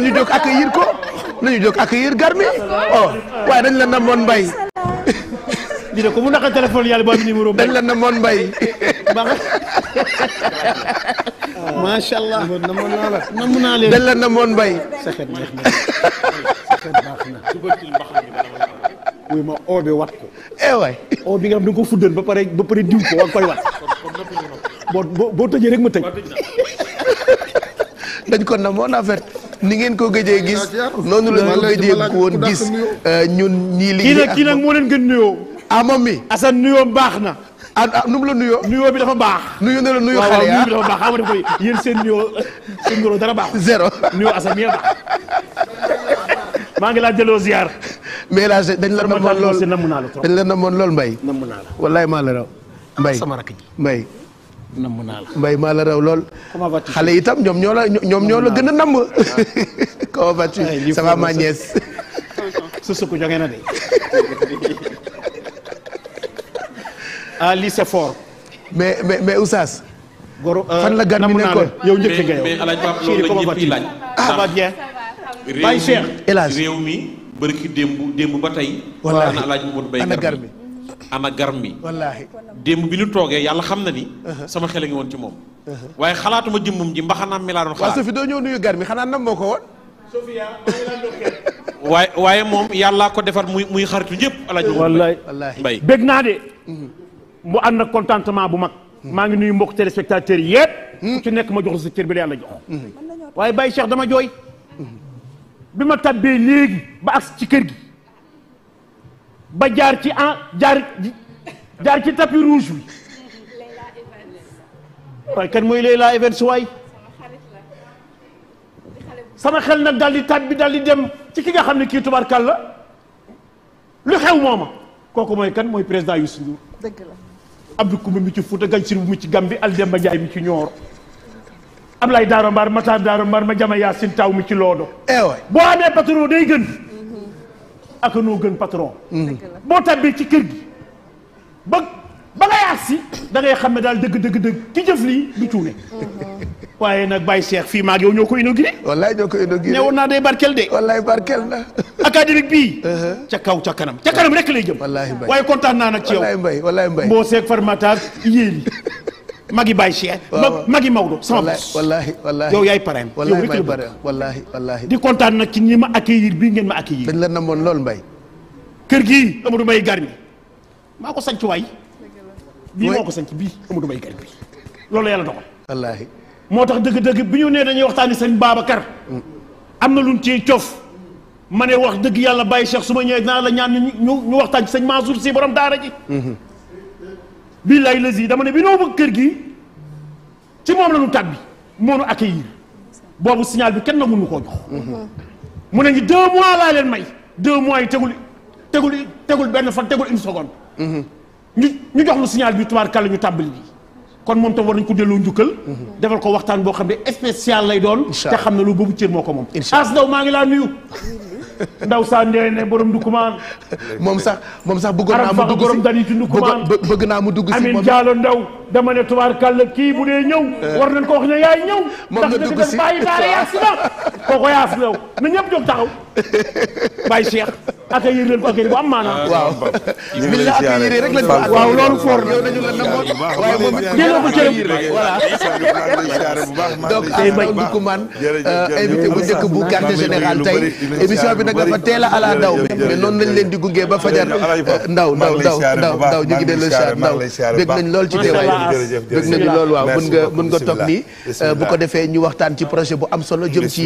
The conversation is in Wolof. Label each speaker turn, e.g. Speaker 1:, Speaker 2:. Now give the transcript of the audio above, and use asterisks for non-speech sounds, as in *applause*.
Speaker 1: kon ñu jox accueillir ko ñu jox accueillir garmi oh way dañ la namone bay
Speaker 2: di ne ko mu naka telephone yalla bo numéro dañ la allah la namoon naa dañ la namone bay sa neex na eh
Speaker 1: bi nga ko
Speaker 2: ba ba diw ko wa koy ni ngeen ko gëjee gis noonu la ko gëjee ko woon gis euh, ñun ñii liggéey ak kii nag moo leen gën nuyoo ah moom mi Assane nuyoo baax na ah, ah nu mu la nuyoo nuyoo bi dafa baax nuyo na la nuyu xale yaa waaw waaw nuyoo baax xam nga dafa koy yéen seen nuyoo seen nuyoo baax zéro mi baax maa ngi laa delloo ziar mais la dañ la namoon lool dañ la namoon lool mbay namm naa la
Speaker 1: wallaay maa la raw mbay sama rakk mbay namm naa mbay maa la raw lool. xale itam ñoom ñoo la gën a namm. *laughs* comment vas-tu ça va ma nièce. su sukk jóge na de. *laughs* ah mais mais mais Oustaz.
Speaker 2: Euh, la gan bi nekkoon yow njëkk nga yow mais ah, réew mi réew mi ba tey. wallaahi ana El Garmi ana gar mi wallaahi démb bi ñu toogee yàlla xam na ni sama xel a ngi woon ci moom waaye xalaatuma jëmmam ji mbaxanaam mi laa doon xalaat
Speaker 1: Sophie doo ñëw nuyu gar mi xanaa nam moo ko woon
Speaker 2: Sophia waaye waaye moom yàllaa ko defar muy muy xaritu ñëpp alaaj wallaay mbay bég naa de mu ànd ak contentement bu mag maa ngi nuyu mbokk téléspectateurs yi yëpp ku ci nekk ma jox la sa cër bi la yàlla jox waaye Baye Cheikh dama jooy bi ma tabbee léegi ba agsi ci kër gi ba jaar ci en jaar jaar ci tapis rouge bi waaye kan mooy Leila Evans waay sama xel nag daldi di bi daldi di dem ci ki nga xam ne kii tubaarkal la lu xew mooma kooku mooy kan mooy président Youssou Ndour dëgg la Abdou ci Fouta Gansir ci Gambi Aldemba Njaay mi ci Ñooro Ablaye Daaro Mbaar Matar Daaro Mbaar ma jama Yaasin Taw mi ci Loodo eh boo amee patron day gën ak noo gën patron. Mm. boo tàbbee ci kër gi ba ba ngay agsi da xam ne daal dëgg dëgg dëgg ki jëf lii du cuune. Mm-hmm. waaye nag Baye Cheikh fii maag yow ñoo ko inauguré. wallaay ñoo ko inauguré woon naa day barkel de. wallaay barkel na. académique bii. Uh-huh. ca kaw ca kanam ca kanam rek lay jëm. wallaay Mbaye waaye kontaan naa nag ci yow. wallaay Mbaye wallaay Mbaye. Mbose ak Farmata magi Baye Cheikh. waaw magi Maodo sama bos. wallaahi wallaahi yow yaay pareem. wallaahi may pareem
Speaker 1: wallaahi wallaahi
Speaker 2: di kontaan nag ci ñi ma ak accueillir bii ngeen ma accueillir. dañ la namoon lool mbay. kër gii Amadou Mbaye Garmi maa ko sanc waay. bii moo ko sanc bii Amadou Mbaye Garmi loolu yàlla doxal. moo tax dëgg-dëgg bi ñu nee dañuy waxtaani seen Babacar. am na luñ ci coof. ma ne wax dëgg yàlla Baye Cheikh su ma ñëwee dinaa la ñaan ñu ñu waxtaan ci sëñ Mansour si borom daara ji. Mhm. billaay les yi dama ne bi noo bëgg kër gi ci moom la ñu tàbbi moo nu accueillir boobu signal bi kenn na mënu koo jox. mu ne ñu deux mois laa leen may deux mois yi tegul tegul tegul benn fan tegul une seconde. ñu ñu jox lu signal bi tubaarkàlla ñu tàmbali bi kon moom tam war nañ ko delloo njukkal. defal ko waxtaan boo xam ne spécial lay doon. te xam ne lu boobu cër moo ko moom. as daw maa ngi laa nuyu. ndaw saa ndee ne borom ndukumaan moom sax moom sax bëggoon naa mu dugg si borom dani ci ndukumaan bëgg naa mu dugg si Amin Diallo ndaw dama ne tubaar kàlla kii bu dee ñëw eh. war nañ ko wax ne yaay ñëw moom na dugg si ndax dëgg bàyyi daara *laughs* yaas na kooko yaas na na ñëpp jóg taxaw *laughs* bàyyi Cheikh accueillir leen ko accueillir bu ñu ngi leen rek lañ ko waaw loolu fort na.
Speaker 1: waaye moom delloo euh, bu
Speaker 2: njëkk bu quartier général tey émission bi nag dafa teel a ala ndaw mais noonu lañ
Speaker 1: leen di gunge ba fajar euh, ndaw ndaw ndaw ndaw ndaw ñu ngi delloo siyaar ndaw bëgg nañ lool ci teewaay bëgg nañu lool waaw mën nga mën nga toog nii euh, bu ko defee ñu waxtaan ci projet bu am solo jëm ci